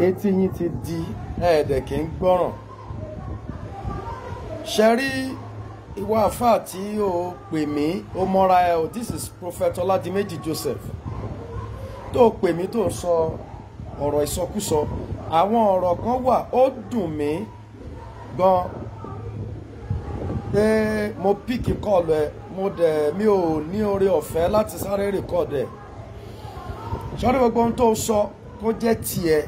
etí yín ti di ẹ̀ẹ́dẹ̀ kì í gbọ́ràn ṣe rí ìwà àfà tí o pè mí o mọ́ra ẹ o this is prophet Ọládìméjì Joseph tó o pè mí tó o sọ ọ̀rọ̀ ìsọkúsọ àwọn ọ̀rọ̀ kan wà ó dùn mí gan pé mo píkì kọlù ẹ mo dẹ̀ mi ò ní oore ọ̀fẹ́ láti sáré rìkọ̀dù ẹ̀ sọ́dọ̀ gbogbo ohun tó sọ kó jẹ́ tiẹ̀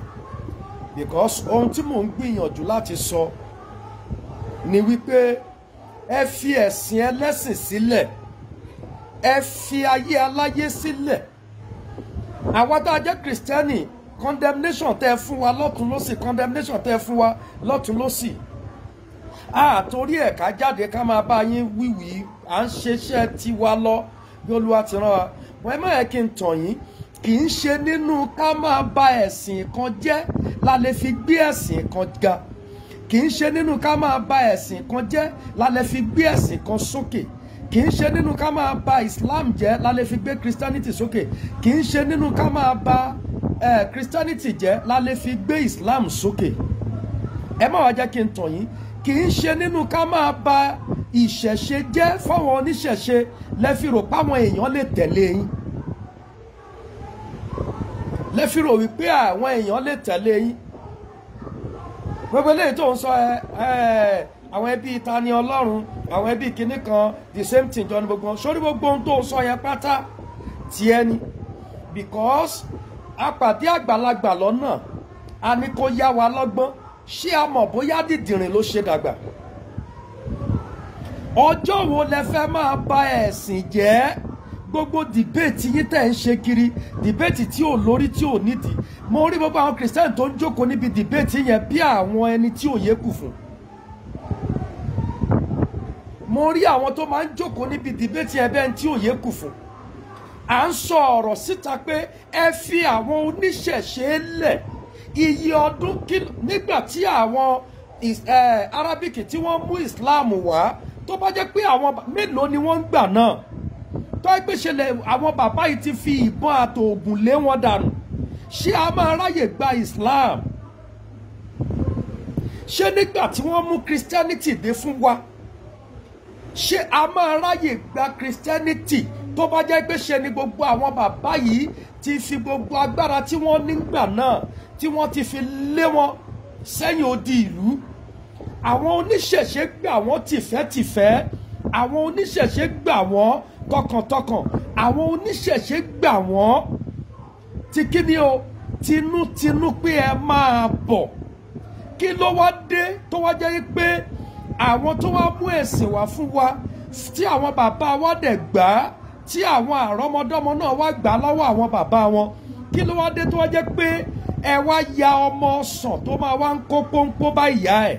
because ohun tí mò ń gbìyànjú láti sọ ni wípé ẹ fi ẹ̀sìn ẹlẹ́sìn sílẹ̀ ẹ fi ayé aláyé sílẹ̀ àwa tá a jẹ́ kìrìsìtẹ́nì condemnation tẹ́ fún wa lọ́tún lọ́sì condemnation tẹ́ fún wa lọ́tún lọ́sì àtòrí ẹ̀ ká jáde ká máa bá yín wíwì à ń ṣeṣẹ́ tiwa lọ bí Olúwa ti rán wa wọ́n ẹ má yẹ kí n tàn yín kì í ṣe nínú ká máa ba ẹ̀sìn kan jẹ́ la lè fi gbé ẹ̀sìn kan ga kì í ṣe nínú ká máa ba ẹ̀sìn kan jẹ́ la lè fi gbé ẹ̀sìn kan sókè kì í ṣe nínú ká máa ba Islam jẹ́ la lè fi gbé Christianity sókè kì í ṣe nínú ká máa ba Christianity jẹ́ la lè fi gbé Islam sókè ẹ má wá jẹ́ kí n tàn yín kì í ṣe nínú ká máa ba ìṣẹ̀ṣe jẹ́ fáwọn oníṣẹ̀ṣe lẹ́fìrò páwọn èèyàn lè tẹ̀lé yín lẹ́fìrò wípé àwọn èèyàn lè tẹ̀lé yín gbogbo eléyìí tó ń sọ àwọn ẹbí Tani Ọlọ́run àwọn ẹbí kinní kan the same thing jọ ní gbogbo sórí gbogbo ohun tó ń sọ yẹn pátá tiẹ̀ ni because apàdé àgbàlagbà lọ́nà a ní kó yá wa lọ́gbọ́n ṣé a mọ̀ bóyá dìdìrìn ló ṣe dàgbà ọjọ́ wo lẹ fẹ́ máa bà ẹ̀sìn jẹ́ gbogbo dìbéètì yín tẹ̀ ń ṣe kiri dìbéètì tí ò lórí tí ò nídìí mo rí gbogbo àwọn kìrìsìtẹ́nì tó ń jókòó níbi dìbéètì yẹn bí àwọn ẹni tí ò yé kù fún mo rí àwọn tó máa ń jókòó níbi dìbéètì yẹn bẹ́ẹ̀ tí ò yé kù fún à ń sọ ọ̀rọ̀ síta pé ẹ fi àwọn oníṣẹ̀ṣe lẹ̀ iye ọdún nígbà tí àwọn Arabic tí wọ́n mú Islam wá tó bá jẹ́ pé àwọn mélòó ni wọ́n ń gbà náà tó ẹ gbèsè lẹ àwọn bàbá yìí ti fi ìbọn àtòògùn lé wọn dànù ṣé a máa ráyè gba Islam ṣé nígbà tí wọ́n mú Christianity dé fún wa ṣé a máa ráyè gba Christianity tó bá jẹ́ pé ṣe ni gbogbo àwọn bàbá yìí ti fi gbogbo agbára tí wọ́n nígbà náà tí wọ́n ti fi lé wọn sẹ́yìn odi ìlú àwọn oníṣẹ̀ṣe gbà wọ́n tìfẹ́tìfẹ́ àwọn oníṣẹ̀ṣe gbà wọ́n tọkàntọkàn àwọn oníṣẹ̀ṣe gbà wọ́n ti kí ni o tinútinú pé ẹ máa bọ̀ kí ló wá dé tó wá jẹ́ pé àwọn tó wá mú ẹ̀sìn wá fún wa tí àwọn bàbá wa dẹ̀ gbà á tí àwọn àrọ́mọdọ́mọ náà wá gbà á lọ́wọ́ àwọn bàbá wọn kí ló wá dé tó wá jẹ́ pé ẹ wá ya ọmọ ọsàn tó máa wá ń kó pọ́npọ́ bá ìyá ẹ̀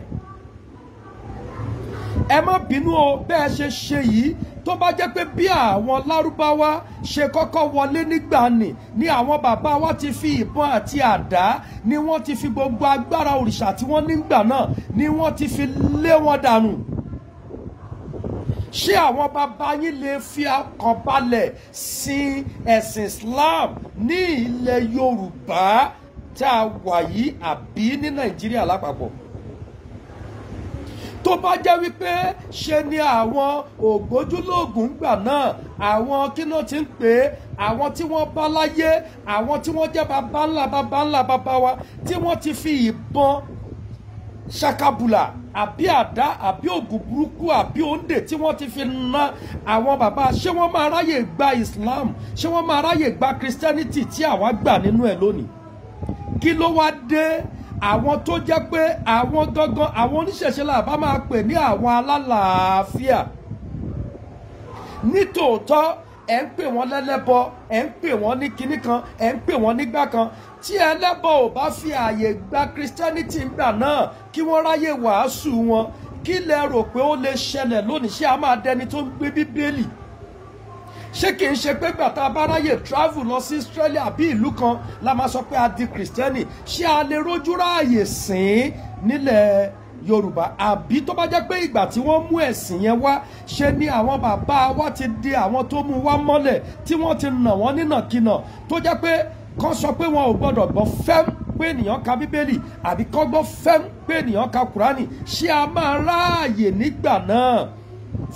ẹ má bínú o bẹ́ẹ̀ ṣe ṣe yìí tó bá jẹ́ pé bí àwọn lárúbáwá ṣe kọ́kọ́ wọlé nígbàanì ni àwọn bàbá wa ti fi ìbọn àti àdá ni wọ́n ti fi gbogbo agbára òrìṣà tí wọ́n nígbà náà ni wọ́n ti fi lé wọn dànù ṣé àwọn bàbá yín lè fi ọkàn balẹ̀ sin ẹ̀sìn Islam ní ilẹ̀ Yorùbá tá a wà yìí àbí ní Nàìjíríà lápapọ̀ tó bá jẹ́ wípé ṣe ni àwọn ògbójúlóògùn gbà náà àwọn kí ló ti ń pè é àwọn tí wọ́n bá láyé àwọn tí wọ́n jẹ́ bàbá ńlá bàbá ńlá bàbá wa tí wọ́n ti fi ìbọn ṣakabula àbí àdá àbí ògùn burúkú àbí òǹdè tí wọ́n ti fi na àwọn bàbá ṣé wọ́n máa ráyè gba Islam ṣé wọ́n máa ráyè gba Christianity tí àwa gbà nínú ẹ̀ lónìí kí ló wá dé àwọn tó jẹ́ pé àwọn gangan àwọn oníṣẹ̀ṣe la bá máa pè ní àwọn alálàáfíà nítòótọ́ ẹ̀ ń pè wọ́n lẹ́lẹ́bọ ẹ̀ ń pè wọ́n ní kinní kan ẹ̀ ń pè wọ́n nígbà kan tí ẹlẹ́bọ ò bá fi ààyè gba Christianity ńgbà náà kí wọ́n ráyè wàásù wọn kí lẹ rò pé ó lè ṣẹlẹ̀ lónìí ṣé a máa dẹni tó ń gbé bíbélì ṣé kì í ṣe pé gbàtà abáráyè travel lọ sí Australia bí ìlú kan la máa sọ pé a di kìrìsìtẹ́nì ṣé a lè rojú ráàyè sìn nílẹ̀ Yorùbá àbí tó bá jẹ́ pé ìgbà tí wọ́n mú ẹ̀sìn yẹn wá ṣe ni àwọn bàbá wa ti di àwọn tó mú wá mọ́lẹ̀ tí wọ́n ti nà wọ́n nínàkínà tó jẹ́ pé kán sọ pé wọn ò gbọ́dọ̀ gbọ́ fẹ́m pé ènìyàn ka bíbélì àbí kán gbọ́ fẹ́m pé ènìyàn ka kùránì ṣé a máa ráàyè nígbà náà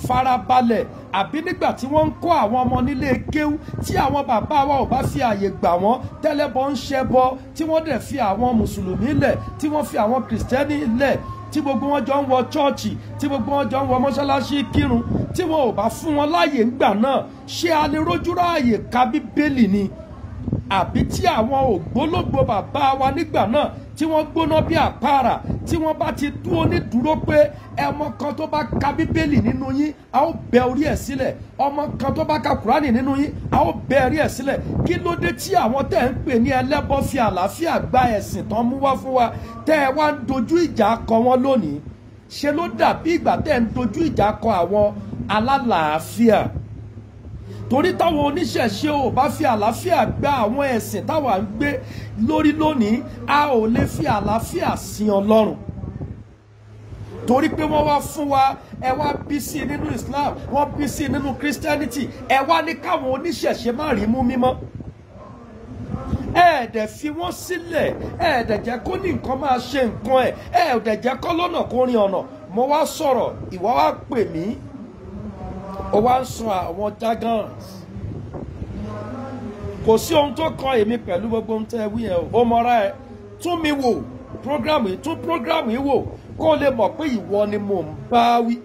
farabalẹ̀ àbí nígbà tí wọ́n ń kọ́ àwọn ọmọ nílé kéwú tí àwọn bàbá wa ò bá fi àyè gbà wọ́n tẹ́lẹ̀bọ ń ṣẹbọ tí wọ́n dẹ̀ fi àwọn mùsùlùmí lẹ̀ tí wọ́n fi àwọn kìrìsìtẹ́nì lẹ̀ tí gbogbo wọn jọ ń wọ chọ́ọ̀chì tí gbogbo wọn jọ ń wọ mọ́ṣáláṣí kírun tí wọn ò bá fún wọn láàyè ńgbà náà ṣé a lè rójúrò àyè ka bíbélì ni àbí tí àwọn ògbólógbò bàbá wa nígbà náà tí wọ́n gbóná bí àpáàrà tí wọ́n bá ti dúró nídúró pé ẹmọ kan tó bá ka bíbélì nínú yín a ó bẹ orí ẹ̀ sílẹ̀ ọmọ kan tó bá ka kúránì nínú yín a ó bẹ orí ẹ̀ sílẹ̀ kí ló dé tí àwọn tẹ́ ń pè ní ẹlẹ́bọ fi àlàáfíà gba ẹ̀sìn tán mú wá fún wa tẹ́ ẹ wá ń dojú ìjà kọ wọn lónìí ṣe ló dàbí ìgbà tẹ́ ń dojú ìjà kọ àwọn alálàáfíà torí táwọn oníṣẹ̀ṣe ò bá fi àlàáfíà gba àwọn ẹ̀sìn táwa ń gbé lórí lónìí a ò lè fi àlàáfíà sin ọlọ́run torí pé wọ́n wá fún wa ẹ wá bí sí nínú Islam wọ́n bí sí nínú Christianity ẹ wá ní káwọn oníṣẹ̀ṣe má rí mú mímọ́ ẹ dẹ̀ fi wọ́n sílẹ̀ ẹ dẹ̀ jẹ́ kó ní nǹkan máa ṣe nǹkan ẹ̀ ẹ dẹ̀ jẹ́ kọ́ lọ́nà kó rin ọ̀nà mo wá sọ̀rọ̀ ìwọ wá pè mí ó wá ń sun àwọn Dragons kò sí ohun tó kan èmi pẹ̀lú gbogbo ohun tẹ́ ẹ wí yẹn o ó mọra ẹ tún mi wò program yìí tún program yìí wò kó o lè mọ̀ pé ìwọ ni mò ń bá wí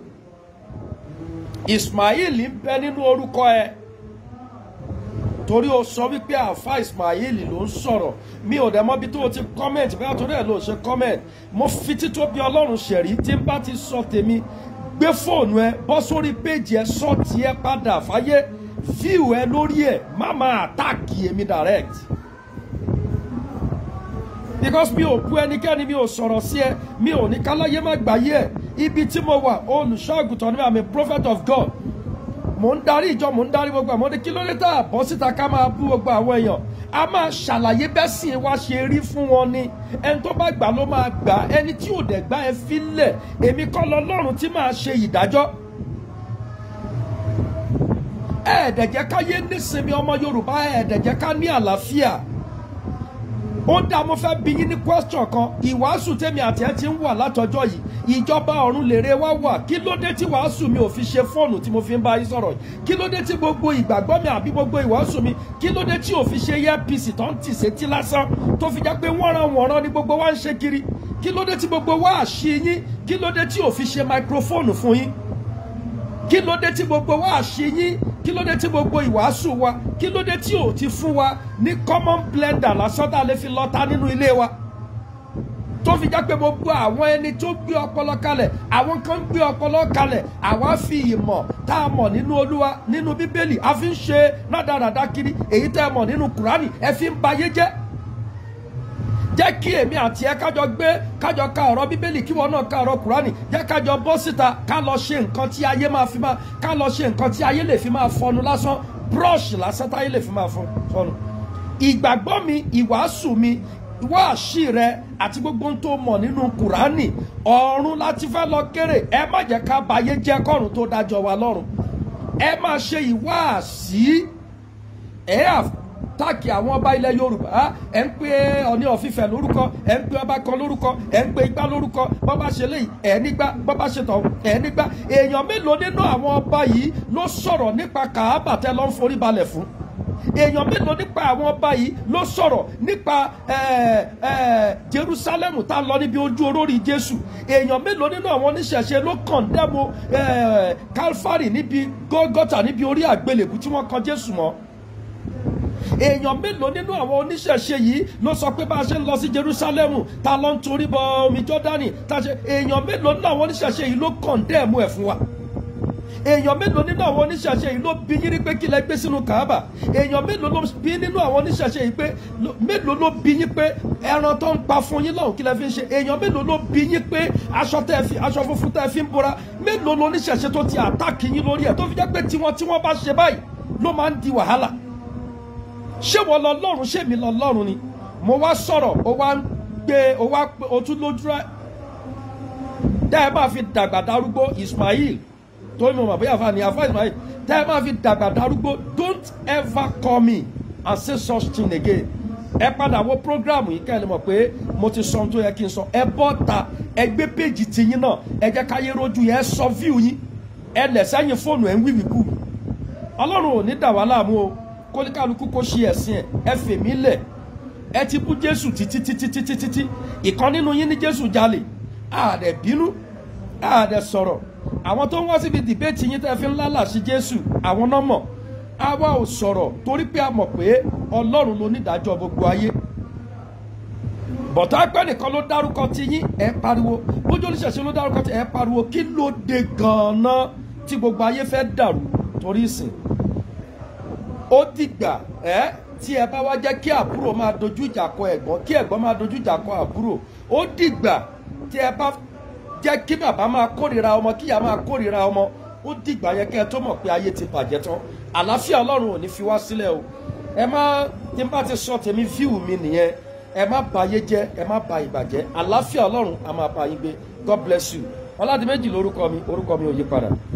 Ismail ń bẹ nínú orúkọ ẹ torí o sọ wípé àfa Ismail ló ń sọ̀rọ̀ mi ò dẹ̀ mọ́ bí tó o ti comment bẹ́ẹ̀ torí ẹ̀ ló ṣe comment mo fi títóbi Ọlọ́run ṣẹ̀rí tí n bá ti sọ tèmi gbé fóònù ẹ bọ́ sórí péjì ẹ sọ́ọ̀tì ẹ padà fáyé fíìw ẹ lórí ẹ má máa àtàkì èmi direct because mi ò bú ẹnikẹ́ni mi ò sọ̀rọ̀ sí ẹ mi ò ní káláyé má gbáyé ẹ ibi tí mo wà olùṣọ́ àgùntàn ni mi am prophet of God mò ń darí ìjọ mò ń darí gbogbo àwọn ọmọdé kí ló dé tá a bọ́ síta ká máa bú gbogbo àwọn èèyàn a máa ṣàlàyé bẹ́ẹ̀ sì wá ṣe rí fún wọn ni ẹni tó bá gbà ló máa gbà ẹni tí ò dẹ̀ gbà ẹ fi lẹ̀ èmi kọ́ lọ́lọ́run tí máa ṣe ìdájọ́ ẹ̀ẹ́dẹ̀jẹ́ ká yé nísinmi ọmọ Yorùbá ẹ̀ẹ́dẹ̀jẹ́ ká ní àlàáfíà ó dá mo fẹ́ bi yín ní question kan ìwàásù tèmi àti ẹ ti ń wà látọjọ́ yìí ìjọba ọ̀run lèrè wá wà kí ló dé tí wàásù mi ò fi ṣe fóònù tí mo fi ń bá yín sọ̀rọ̀ yìí kí ló dé tí gbogbo ìgbàgbọ́ mi àbí gbogbo ìwàásù mi kí ló dé tí ò fi ṣe earpiece tó ń tì sétí lásán tó fi jẹ́ pé wọ́n ran wọ̀nran ni gbogbo wa ń ṣe kiri kí ló dé tí gbogbo wa àṣì yín kí ló dé tí ò fi ṣe microphone fún yín kí ló dé tí gbogbo wa àṣeyín kí ló dé tí gbogbo ìwàásù wa kí ló dé tí ò ti fún wa ní common blender lásán tá a lè fi lọ́ta nínú ilé wa tó fi já pé gbogbo àwọn ẹni tó gbé ọpọlọ kalẹ̀ àwọn kan gbé ọpọlọ kalẹ̀ àwa fi ìmọ̀ tá a mọ̀ nínú olúwa nínú bíbélì a fi ń ṣe rádaràda kiri èyí tẹ́ ẹ mọ̀ nínú kùránì ẹ fi ń bayé jẹ́ jẹ́ kí èmi àti ẹ kájọ gbé kájọ ka ọ̀rọ̀ bíbélì kí wọn náà ka ọ̀rọ̀ kùránì jẹ́ kájọ bọ́ síta ká lọ ṣe nǹkan tí ayé máa fi máa ká lọ ṣe nǹkan tí ayé lè fi máa fọnu lásán brush lásán táyé lè fi máa fọnu ìgbàgbọ́ mi ìwàásù mi wáàsí rẹ àti gbogbo ohun tó mọ̀ nínú kùránì ọ̀run láti fẹ́ lọ kéré ẹ má jẹ́ ká bayé jẹ́ kọ́run tó dájọ́ wa lọ́rùn ẹ máa ṣe ìwáàsí ẹ táàkì àwọn ọba ilẹ̀ yorùbá ẹ̀ ń pè ọ̀ní ọ̀fífẹ́ lórúkọ ẹ̀ ń pè ọba kan lórúkọ ẹ̀ ń pè igbá lórúkọ bọ́bá ṣe léyìí ẹ̀ nígbà bọ́bá ṣe tọ̀ ẹ̀ nígbà èèyàn mélòó nínú àwọn ọba yìí ló sọ̀rọ̀ nípa kàábà tẹ́ lọ́ ń forí balẹ̀ fún èèyàn mélòó nípa àwọn ọba yìí ló sọ̀rọ̀ nípa Jerúsálẹ́mù tá a lọ níbi ojú olórí Jésù èèyàn mélòó nínú àwọn oníṣẹ̀ṣe ló kọ̀ndẹ́mu Kálfárì níbi Gọ́gọ́tà níbi orí àgbélébù tí wọ́n kan Jésù mọ́ èèyàn mélòó nínú àwọn oníṣẹ̀ṣe yìí ló sọ pé bá a ṣe ń lọ sí Jerusalem ta ló ń torí bọ omi Jọ́dánì ta ṣe èèyàn mélòó nínú àwọn oníṣẹ̀ṣe yìí ló kọ̀ǹdẹ́ẹ̀mù ẹ̀ fún wa èèyàn mélòó nínú àwọn oníṣẹ̀ṣe yìí ló bi yín rí pé kí lẹ gbé sínú kàábà èèyàn mélòó ló bi nínú àwọn oníṣẹ̀ṣe yìí pé mélòó ló bi yín pé ẹran tó ń pa fún yín lọ́hùn kí lẹ fi ń ṣe èèyàn mélòó ló bi yín pé aṣọ tẹ fi aṣọ funfun tẹ fi ń bora mélòó lóníṣẹ̀ṣe tó ti àtàkì yín lórí ẹ̀ tó fi jẹ́ pé tiwọn tí wọ́n bá ṣe báyìí ló máa ń di wàhálà ṣé wọ́n lọ lọ́run ṣé mi lọ lọ́run ni mo wá sọ̀rọ̀ ó wá ń gbé ó wá ó tún lójú ẹ̀ tẹ́ ẹ máa fi dàgbà darúgbó Ismail tó ní mo mọ̀ bóyá àfa ni àfa Ismail tẹ́ máa fi dàgbà darúgbó don't ever call me and say such thing again ẹ padà wo programu yìí kẹ́lẹ́ mọ̀ pé mo ti sọ ohun tó yẹ kí n sọ ẹ bọ́ ta ẹ gbé péjì tiyín náà ẹ jẹ́ káyé rojú yẹn ẹ sọ fíù yín ẹ lẹ̀ sẹ́yìn fóònù ẹ̀ ń wíwì kù ọlọ́run ò ní dà wá láàmú o kóníkàlùkù kó ṣe ẹ̀sìn ẹ̀ ẹ fèmí lẹ̀ ẹ ti bú jésù títí títí títí títí ìkan nínú yín ní jésù jalè àdẹ̀ bínú àdẹ̀ sọ̀rọ̀ àwọn tó ń wá síbi dìbẹ́tì yín tẹ́ fi ń lálà sí jésù àwọn náà mọ̀ àwa ò sọ̀rọ̀ torí pé a mọ̀ pé ọlọ́run ló nídàájọ́ gbogbo ayé bọ̀tá pẹ́ nìkan ló dárúkọ ti yín ẹ pariwo bójú oníṣẹ̀ṣe ló dárúkọ ti ẹ pariwo kí ló dé gan-an tí gbogbo ayé fẹ́ dàrú torí ìsìn ó dìgbà ẹ tí ẹ bá wá jẹ́ kí àbúrò máa dojú ìjà kọ kí ẹ̀gbọ́n máa dojú ìjà kọ àbúrò ó dìgbà tí ẹ bá jẹ́ kí bàbá máa kórìíra ọmọ kí ìyá máa kórìíra ọmọ ó dìgbà yẹn ẹ tó mọ̀ pé ayé ti bàjẹ́ tán àlàáfíà ò o ẹ má tí n bá ti sọ tèmi mi nìyẹn ẹ ba ayé ẹ má ba àlàáfíà a máa ba gbé God bless you